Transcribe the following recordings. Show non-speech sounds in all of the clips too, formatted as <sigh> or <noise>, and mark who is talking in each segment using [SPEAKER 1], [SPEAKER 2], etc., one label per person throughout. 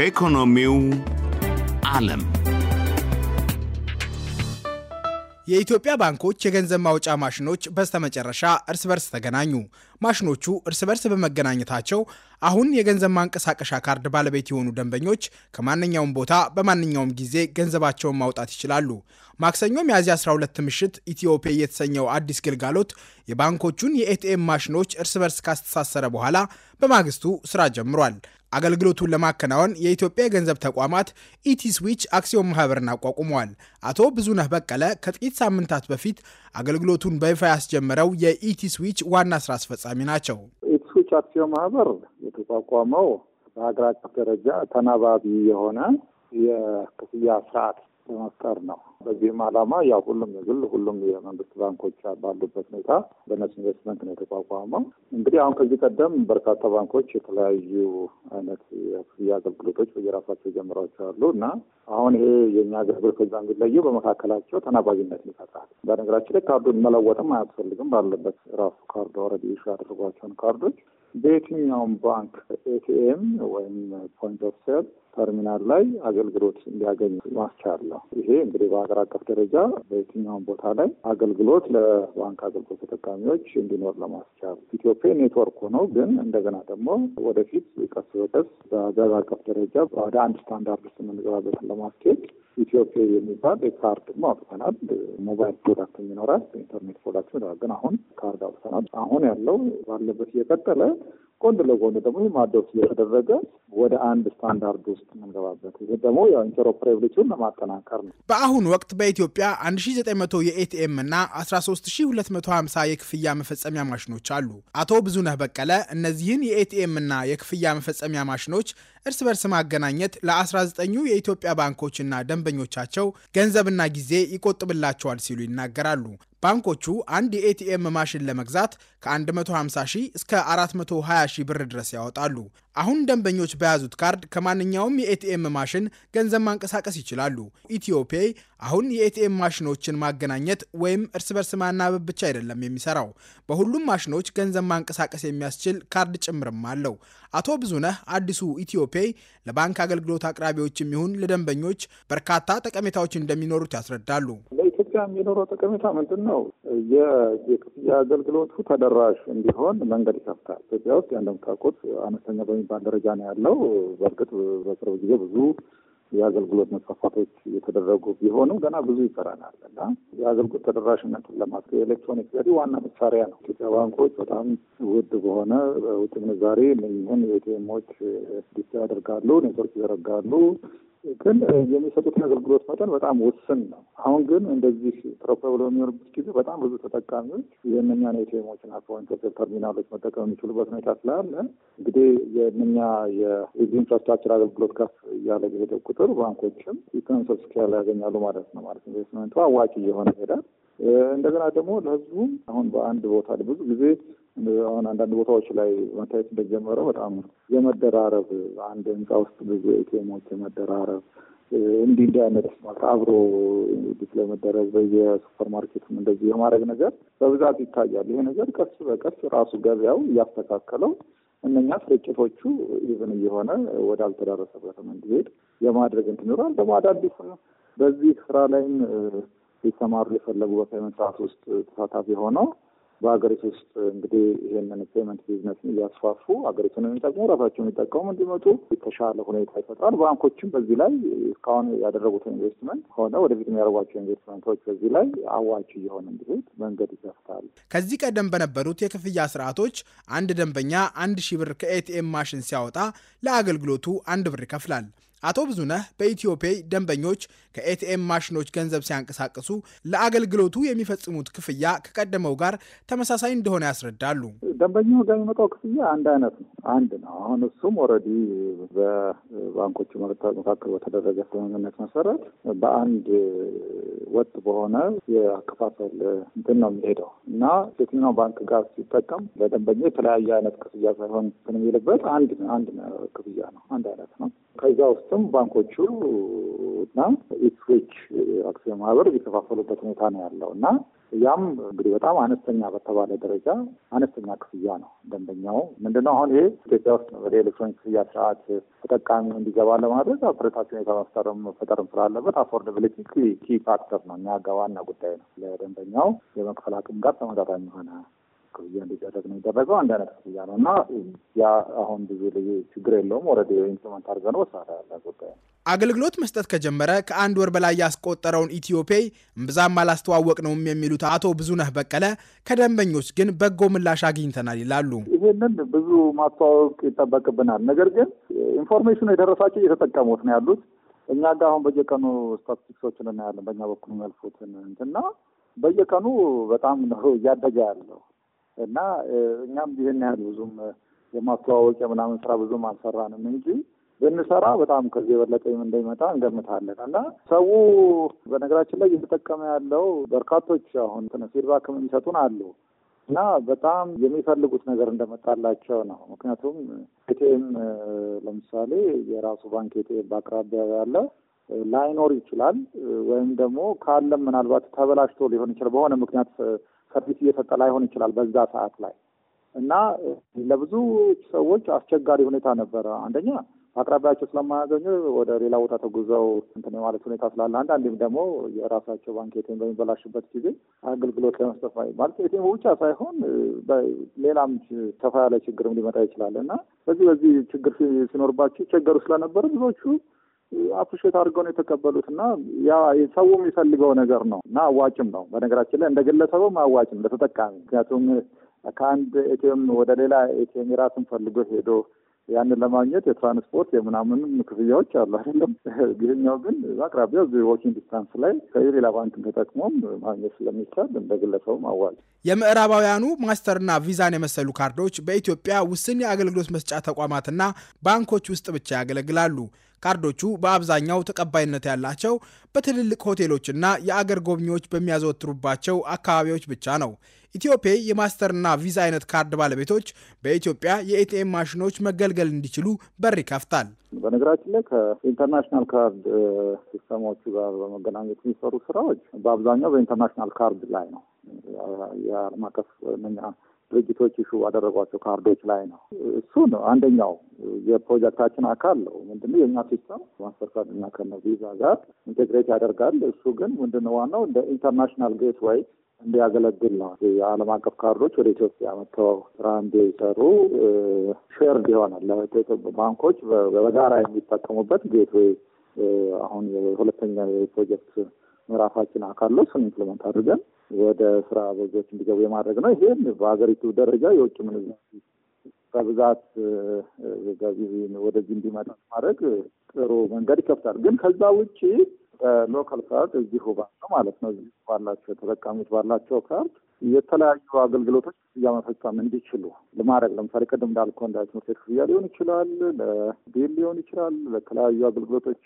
[SPEAKER 1] ከኢኮኖሚው ዓለም የኢትዮጵያ ባንኮች የገንዘብ ማውጫ ማሽኖች በስተመጨረሻ እርስ በርስ ተገናኙ። ማሽኖቹ እርስ በርስ በመገናኘታቸው አሁን የገንዘብ ማንቀሳቀሻ ካርድ ባለቤት የሆኑ ደንበኞች ከማንኛውም ቦታ በማንኛውም ጊዜ ገንዘባቸውን ማውጣት ይችላሉ። ማክሰኞ ሚያዝያ 12 ምሽት ኢትዮፔ የተሰኘው አዲስ ግልጋሎት የባንኮቹን የኤቲኤም ማሽኖች እርስ በርስ ካስተሳሰረ በኋላ በማግስቱ ስራ ጀምሯል። አገልግሎቱን ለማከናወን የኢትዮጵያ የገንዘብ ተቋማት ኢቲስዊች አክሲዮን ማህበርን አቋቁመዋል። አቶ ብዙነህ በቀለ ከጥቂት ሳምንታት በፊት አገልግሎቱን በይፋ ያስጀመረው የኢቲስዊች ዋና ስራ አስፈጻሚ ናቸው። ኢቲስዊች
[SPEAKER 2] አክሲዮን ማህበር የተቋቋመው በሀገር አቀፍ ደረጃ ተናባቢ የሆነ የክፍያ ስርዓት የመፍጠር ነው። በዚህም ዓላማ ያው ሁሉም የግል ሁሉም የመንግስት ባንኮች ባሉበት ሁኔታ በነሱ ኢንቨስትመንት ነው የተቋቋመው። እንግዲህ አሁን ከዚህ ቀደም በርካታ ባንኮች የተለያዩ አይነት የክፍያ አገልግሎቶች በየራሳቸው ጀምሯቸው አሉ እና አሁን ይሄ የእኛ አገልግሎት ከዛ የሚለየው በመካከላቸው ተናባቢነት ይፈጥራል። በነገራችን ላይ ካርዱን መለወጥም አያስፈልግም። ባለበት ራሱ ካርዱ ኦልሬዲ ኢሹ ያደረጓቸውን ካርዶች በየትኛውም ባንክ ኤቲኤም ወይም ፖይንት ኦፍ ሴል ተርሚናል ላይ አገልግሎት እንዲያገኝ ማስቻል ነው። ይሄ እንግዲህ በሀገር አቀፍ ደረጃ በየትኛውም ቦታ ላይ አገልግሎት ለባንክ አገልግሎት ተጠቃሚዎች እንዲኖር ለማስቻል ኢትዮጵያ ኔትወርክ ሆኖ ግን እንደገና ደግሞ ወደፊት ቀስ በቀስ በሀገር አቀፍ ደረጃ ወደ አንድ ስታንዳርድ ውስጥ የምንገባበትን ለማስኬድ ኢትዮጵያ የሚባል ካርድም አውጥተናል። ሞባይል ፕሮዳክት ይኖራል፣ ኢንተርኔት ፕሮዳክት ግን አሁን ካርድ አውጥተናል። አሁን ያለው ባለበት እየቀጠለ ጎን ለጎን ደግሞ ይህ እየተደረገ ወደ አንድ ስታንዳርድ ውስጥ የምንገባበት ይህ ደግሞ ያው ኢንተሮፕሬብሊቲውን ለማጠናከር ነው።
[SPEAKER 1] በአሁኑ ወቅት በኢትዮጵያ 1900 የኤቲኤም እና 13250 የክፍያ መፈጸሚያ ማሽኖች አሉ። አቶ ብዙነህ በቀለ እነዚህን የኤቲኤም እና የክፍያ መፈጸሚያ ማሽኖች እርስ በርስ ማገናኘት ለ19ኙ የኢትዮጵያ ባንኮችና ደንበኞቻቸው ገንዘብና ጊዜ ይቆጥብላቸዋል ሲሉ ይናገራሉ። ባንኮቹ አንድ የኤቲኤም ማሽን ለመግዛት ከ150 ሺህ እስከ 420 ሺህ ብር ድረስ ያወጣሉ። አሁን ደንበኞች በያዙት ካርድ ከማንኛውም የኤቲኤም ማሽን ገንዘብ ማንቀሳቀስ ይችላሉ። ኢትዮፔይ አሁን የኤቲኤም ማሽኖችን ማገናኘት ወይም እርስ በርስ ማናበብ ብቻ አይደለም የሚሰራው፣ በሁሉም ማሽኖች ገንዘብ ማንቀሳቀስ የሚያስችል ካርድ ጭምርም አለው። አቶ ብዙነህ አዲሱ ኢትዮፔይ ለባንክ አገልግሎት አቅራቢዎች የሚሆን ለደንበኞች በርካታ ጠቀሜታዎች እንደሚኖሩት ያስረዳሉ።
[SPEAKER 2] የሚኖረው ጠቀሜታ ምንድን ነው? የክፍያ አገልግሎቱ ተደራሽ እንዲሆን መንገድ ይከፍታል። ኢትዮጵያ ውስጥ እንደምታውቁት አነስተኛ በሚባል ደረጃ ነው ያለው። በእርግጥ በቅርብ ጊዜ ብዙ የአገልግሎት መስፋፋቶች የተደረጉ ቢሆኑም ገና ብዙ ይቀረናል እና የአገልግሎት ተደራሽነቱን ለማስ የኤሌክትሮኒክ ዘዴ ዋና መሳሪያ ነው። ኢትዮጵያ ባንኮች በጣም ውድ በሆነ ውጭ ምንዛሬ ይህን የኤቲኤሞች ዲስ ያደርጋሉ፣ ኔትወርክ ይዘረጋሉ፣ ግን የሚሰጡትን አገልግሎት መጠን በጣም ውስን ነው። አሁን ግን እንደዚህ ትረኮ ብሎ የሚሆንበት ጊዜ በጣም ብዙ ተጠቃሚዎች የእነኛን ኤቲኤሞችን አካውንት ተርሚናሎች መጠቀም የሚችሉበት ሁኔታ ስላለ እንግዲህ የእነኛ የዚህ ኢንፍራስትራክቸር አገልግሎት ከፍ እያለ በሄደ ቁጥር ባንኮችም ኢኮኖሚ ያገኛሉ ማለት ነው። ማለት ኢንቨስትመንቱ አዋጭ እየሆነ ይሄዳል። እንደገና ደግሞ ለህዝቡም አሁን በአንድ ቦታ ብዙ ጊዜ አሁን አንዳንድ ቦታዎች ላይ መታየት እንደጀመረው በጣም የመደራረብ አንድ ህንፃ ውስጥ ብዙ ኤቲኤሞች የመደራረብ እንዲህ እንዲህ አይነት ማለት አብሮ ስለመደረግ በየሱፐር ማርኬቱም እንደዚህ የማድረግ ነገር በብዛት ይታያል። ይሄ ነገር ቀስ በቀስ ራሱ ገበያው እያስተካከለው እነኛ ስርጭቶቹ ኢቭን እየሆነ ወደ አልተዳረሰበትም እንዲሄድ የማድረግ እንትን ደግሞ አዳዲሱ በዚህ ስራ ላይም ሊሰማሩ የፈለጉ በፔመንት ስርዓት ውስጥ ተሳታፊ ሆነው በሀገሪቱ ውስጥ እንግዲህ ይህንን ፔመንት ቢዝነስን እያስፋፉ ሀገሪቱን የሚጠቅሙ ራሳቸውን የሚጠቀሙ እንዲመጡ የተሻለ ሁኔታ ይፈጥራል። ባንኮችም በዚህ ላይ እስካሁን ያደረጉትን ኢንቨስትመንት ሆነ ወደፊት የሚያደርጓቸው ኢንቨስትመንቶች በዚህ ላይ አዋጭ እየሆነ እንዲሄድ መንገድ ይከፍታል።
[SPEAKER 1] ከዚህ ቀደም በነበሩት የክፍያ ስርዓቶች አንድ ደንበኛ አንድ ሺህ ብር ከኤቲኤም ማሽን ሲያወጣ ለአገልግሎቱ አንድ ብር ይከፍላል። አቶ ብዙነህ በኢትዮፔይ ደንበኞች ከኤቲኤም ማሽኖች ገንዘብ ሲያንቀሳቅሱ ለአገልግሎቱ የሚፈጽሙት ክፍያ ከቀደመው ጋር ተመሳሳይ እንደሆነ ያስረዳሉ።
[SPEAKER 2] ደንበኛው ጋር የሚመጣው ክፍያ አንድ አይነት ነው፣ አንድ ነው። አሁን እሱም ኦልሬዲ በባንኮቹ መካከል በተደረገ ስምምነት መሰረት በአንድ ወጥ በሆነ የአከፋፈል እንትን ነው የሚሄደው እና የትኛው ባንክ ጋር ሲጠቀም ለደንበኛ የተለያየ አይነት ክፍያ ሳይሆን እንትን የሚልበት አንድ አንድ ክፍያ ነው፣ አንድ አይነት ነው። ከዛ ውስጥም ባንኮቹ እና ኢፕስዊች አክሲዮን ማህበር የተከፋፈሉበት ሁኔታ ነው ያለው እና ያም እንግዲህ በጣም አነስተኛ በተባለ ደረጃ አነስተኛ ክፍያ ነው። ደንበኛው ምንድነው አሁን ይሄ ኢትዮጵያ ውስጥ ወደ ኤሌክትሮኒክ ክፍያ ስርዓት ተጠቃሚ እንዲገባ ለማድረግ አፕሬታችን ሁኔታ መፍጠር መፈጠርም ስላለበት አፎርደብሊቲ ኪ ፋክተር ነው እኛ ጋር ዋና ጉዳይ ነው። ለደንበኛው የመክፈል አቅም ጋር ተመጣጣኝ የሆነ ክፍያ እንዲደረግ ነው የደረገው። አንድ አይነት ክፍያ ነው እና ያ አሁን ብዙ ልዩ ችግር የለውም። ወረደ አድርገ ነው ሳ ያለ ጉዳይ
[SPEAKER 1] አገልግሎት መስጠት ከጀመረ ከአንድ ወር በላይ ያስቆጠረውን ኢትዮፔይ እምብዛም አላስተዋወቅ ነውም የሚሉት አቶ ብዙነህ በቀለ ከደንበኞች ግን በጎ ምላሽ አግኝተናል ይላሉ።
[SPEAKER 2] ይህንን ብዙ ማስተዋወቅ ይጠበቅብናል። ነገር ግን ኢንፎርሜሽኑ የደረሳቸው እየተጠቀሙት ነው ያሉት። እኛ ጋር አሁን በየቀኑ ስታቲስቲክሶችን እናያለን። በእኛ በኩል የሚያልፉትን እንትና በየቀኑ በጣም ነው እያደገ ያለው እና እኛም ይህን ያህል ብዙም የማስተዋወቂያ ምናምን ስራ ብዙም አልሰራንም እንጂ ብንሰራ በጣም ከዚህ የበለጠ እንደሚመጣ እንገምታለን እና ሰው በነገራችን ላይ እየተጠቀመ ያለው በርካቶች አሁን ፊድባክ የሚሰጡን አሉ እና በጣም የሚፈልጉት ነገር እንደመጣላቸው ነው። ምክንያቱም ኤቲኤም ለምሳሌ የራሱ ባንክ ኤቲኤም በአቅራቢያ ያለ ላይኖር ይችላል፣ ወይም ደግሞ ካለም ምናልባት ተበላሽቶ ሊሆን ይችላል በሆነ ምክንያት ሰርቪስ እየሰጠ ላይሆን ይችላል በዛ ሰዓት ላይ እና ለብዙ ሰዎች አስቸጋሪ ሁኔታ ነበረ። አንደኛ አቅራቢያቸው ስለማያገኙ ወደ ሌላ ቦታ ተጉዘው እንትን የማለት ሁኔታ ስላለ፣ አንዳንዴም ደግሞ የራሳቸው ባንክ ኤቲኤም በሚበላሽበት ጊዜ አገልግሎት ለመስጠት ማለት ኤቲኤም ብቻ ሳይሆን ሌላም ሰፋ ያለ ችግርም ሊመጣ ይችላል እና በዚህ በዚህ ችግር ሲኖርባቸው ይቸገሩ ስለነበረ ብዙዎቹ አፕሪሼት አድርገው ነው የተቀበሉት እና ያ ሰው የሚፈልገው ነገር ነው እና አዋጭም ነው። በነገራችን ላይ እንደ ግለሰብም አዋጭም ለተጠቃሚ ምክንያቱም ከአንድ ኤቲኤም ወደ ሌላ ኤቲኤም የራስን ፈልጎ ሄዶ ያንን ለማግኘት የትራንስፖርት የምናምንም ክፍያዎች አሉ አይደለም። <laughs> ይህኛው ግን አቅራቢያው ዋኪንግ ዲስታንስ ላይ ከሌላ ባንክ ተጠቅሞም ማግኘት ስለሚቻል እንደ ግለሰቡም አዋጭ።
[SPEAKER 1] የምዕራባውያኑ ማስተርና ቪዛን የመሰሉ ካርዶች በኢትዮጵያ ውስን የአገልግሎት መስጫ ተቋማትና ባንኮች ውስጥ ብቻ ያገለግላሉ። ካርዶቹ በአብዛኛው ተቀባይነት ያላቸው በትልልቅ ሆቴሎችና የአገር ጎብኚዎች በሚያዘወትሩባቸው አካባቢዎች ብቻ ነው። ኢትዮፔ የማስተርና ቪዛ አይነት ካርድ ባለቤቶች በኢትዮጵያ የኤቲኤም ማሽኖች መገልገል እንዲችሉ በር ይከፍታል።
[SPEAKER 2] በነገራችን ላይ ከኢንተርናሽናል ካርድ ሲስተሞቹ ጋር በመገናኘት የሚሰሩ ስራዎች በአብዛኛው በኢንተርናሽናል ካርድ ላይ ነው። የዓለም አቀፍ ድርጅቶች ይሹ ያደረጓቸው ካርዶች ላይ ነው። እሱ ነው አንደኛው የፕሮጀክታችን አካል ነው። ምንድነው የእኛ ሲስተም ማስተርካርድ እና ከነ ቪዛ ጋር ኢንቴግሬት ያደርጋል። እሱ ግን ምንድነው ዋናው እንደ ኢንተርናሽናል ጌት ወይ እንዲያገለግል ነው። የዓለም አቀፍ ካርዶች ወደ ኢትዮጵያ መጥተው ስራ እንዲሰሩ ሼር ይሆናል። ባንኮች በጋራ የሚጠቀሙበት ጌትዌይ አሁን ሁለተኛ የፕሮጀክት ምዕራፋችን አካለው እሱን ኢምፕሊመንት አድርገን ወደ ስራ በዞች እንዲገቡ የማድረግ ነው። ይሄን በሀገሪቱ ደረጃ የውጭ ምንዛሪ በብዛት ወደዚህ እንዲመጣ ማድረግ ጥሩ መንገድ ይከፍታል። ግን ከዛ ውጭ ሎካል ካርድ እዚሁ ባለው ማለት ነው ባላቸው ተጠቃሚዎች ባላቸው ካርድ የተለያዩ አገልግሎቶች ክፍያ መፈጸም እንዲችሉ ለማድረግ ለምሳሌ ቅድም እንዳልከው እንደ ትምህርት ቤት ክፍያ ሊሆን ይችላል፣ ለቤል ሊሆን ይችላል፣ ለተለያዩ አገልግሎቶች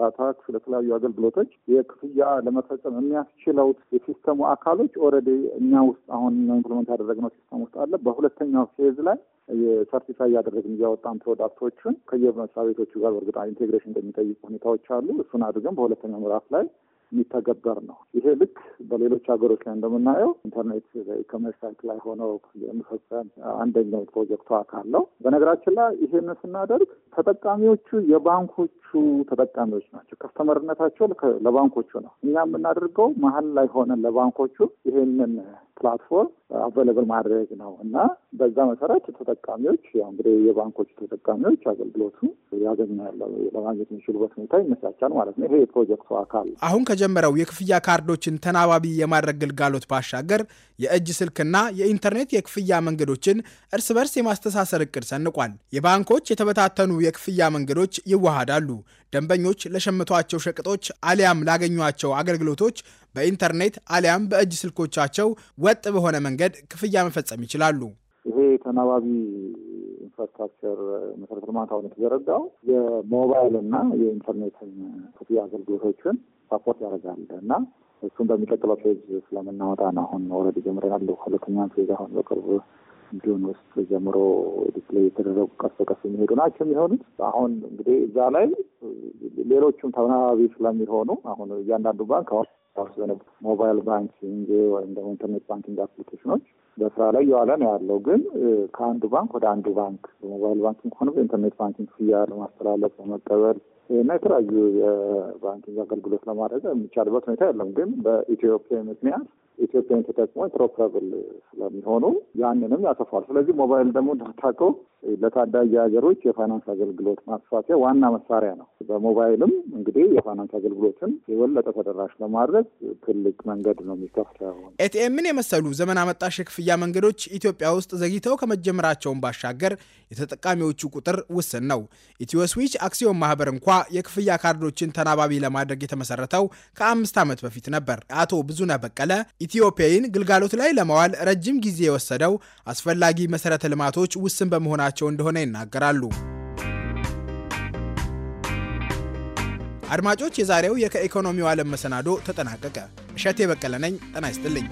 [SPEAKER 2] ለታክስ፣ ለተለያዩ አገልግሎቶች የክፍያ ለመፈጸም የሚያስችለው የሲስተሙ አካሎች ኦልሬዲ እኛ ውስጥ አሁን ኢምፕሊመንት ያደረግነው ሲስተም ውስጥ አለ። በሁለተኛው ፌዝ ላይ የሰርቲፋይ እያደረግን እያወጣን ፕሮዳክቶቹን ከየመስሪያ ቤቶቹ ጋር በእርግጥ ኢንቴግሬሽን እንደሚጠይቁ ሁኔታዎች አሉ። እሱን አድርገን በሁለተኛው ምዕራፍ ላይ የሚተገበር ነው። ይሄ ልክ በሌሎች ሀገሮች ላይ እንደምናየው ኢንተርኔት ኢኮሜርስ ሳይት ላይ ሆነው የሚፈጸም አንደኛው ፕሮጀክቱ አካል ነው። በነገራችን ላይ ይሄን ስናደርግ ተጠቃሚዎቹ የባንኮቹ ተጠቃሚዎች ናቸው። ከስተመርነታቸው ለባንኮቹ ነው። እኛ የምናደርገው መሀል ላይ ሆነን ለባንኮቹ ይሄንን ፕላትፎርም አቬለብል ማድረግ ነው እና በዛ መሰረት ተጠቃሚዎች ያው እንግዲህ የባንኮች ተጠቃሚዎች አገልግሎቱ ያገኛሉ ለማግኘት የሚችሉበት ሁኔታ ይመቻቻል ማለት ነው። ይሄ የፕሮጀክቱ አካል
[SPEAKER 1] አሁን ከጀመረው የክፍያ ካርዶችን ተናባቢ የማድረግ ግልጋሎት ባሻገር የእጅ ስልክና የኢንተርኔት የክፍያ መንገዶችን እርስ በርስ የማስተሳሰር እቅድ ሰንቋል። የባንኮች የተበታተኑ የክፍያ መንገዶች ይዋሃዳሉ፣ ደንበኞች ለሸምቷቸው ሸቅጦች አሊያም ላገኟቸው አገልግሎቶች በኢንተርኔት አሊያም በእጅ ስልኮቻቸው ወጥ በሆነ መንገድ ክፍያ መፈጸም ይችላሉ።
[SPEAKER 2] ይሄ ተናባቢ ኢንፍራስትራክቸር መሰረተ አሁን የተዘረጋው የሞባይል እና የኢንተርኔትን ክፍያ አገልግሎቶችን ሳፖርት ያደርጋል እና እሱን በሚቀጥለው ፌዝ ስለምናወጣ ነው። አሁን ኦልሬዲ ጀምረናል። ሁለተኛ ፌዝ አሁን በቅርብ ጆን ውስጥ ጀምሮ ዲስፕሌይ የተደረጉ ቀስ በቀስ የሚሄዱ ናቸው የሚሆኑት። አሁን እንግዲህ እዛ ላይ ሌሎቹም ተናባቢ ስለሚሆኑ አሁን እያንዳንዱ ባንክ አሁን ሞባይል ባንኪንግ ወይም ደግሞ ኢንተርኔት ባንኪንግ አፕሊኬሽኖች በስራ ላይ እየዋለ ነው ያለው። ግን ከአንዱ ባንክ ወደ አንዱ ባንክ ሞባይል ባንኪንግ ሆነ ኢንተርኔት ባንኪንግ ክፍያ ለማስተላለፍ ለመቀበል እና የተለያዩ የባንኪንግ አገልግሎት ለማድረግ የሚቻልበት ሁኔታ የለም። ግን በኢትዮጵያ ምክንያት ኢትዮጵያን ተጠቅሞ ኢንትሮፕራብል ስለሚሆኑ ያንንም ያሰፋል። ስለዚህ ሞባይል ደግሞ እንዳታውቀው ለታዳጊ ሀገሮች የፋይናንስ አገልግሎት ማስፋፊያ ዋና መሳሪያ ነው። በሞባይልም እንግዲህ የፋይናንስ አገልግሎትን የበለጠ ተደራሽ ለማድረግ ትልቅ መንገድ ነው የሚከፍተው።
[SPEAKER 1] ኤቲኤምን የመሰሉ ዘመን አመጣሽ የክፍያ መንገዶች ኢትዮጵያ ውስጥ ዘግይተው ከመጀመራቸውን ባሻገር የተጠቃሚዎቹ ቁጥር ውስን ነው። ስዊች አክሲዮን ማህበር እንኳ የክፍያ ካርዶችን ተናባቢ ለማድረግ የተመሰረተው ከአምስት ዓመት በፊት ነበር። አቶ ብዙነ በቀለ ኢትዮጵያን ግልጋሎት ላይ ለማዋል ረጅም ጊዜ የወሰደው አስፈላጊ መሰረተ ልማቶች ውስን በመሆናቸው እየተሰጣቸው እንደሆነ ይናገራሉ። አድማጮች፣ የዛሬው የከኢኮኖሚው ዓለም መሰናዶ ተጠናቀቀ። እሸቴ በቀለ ነኝ። ጤና ይስጥልኝ።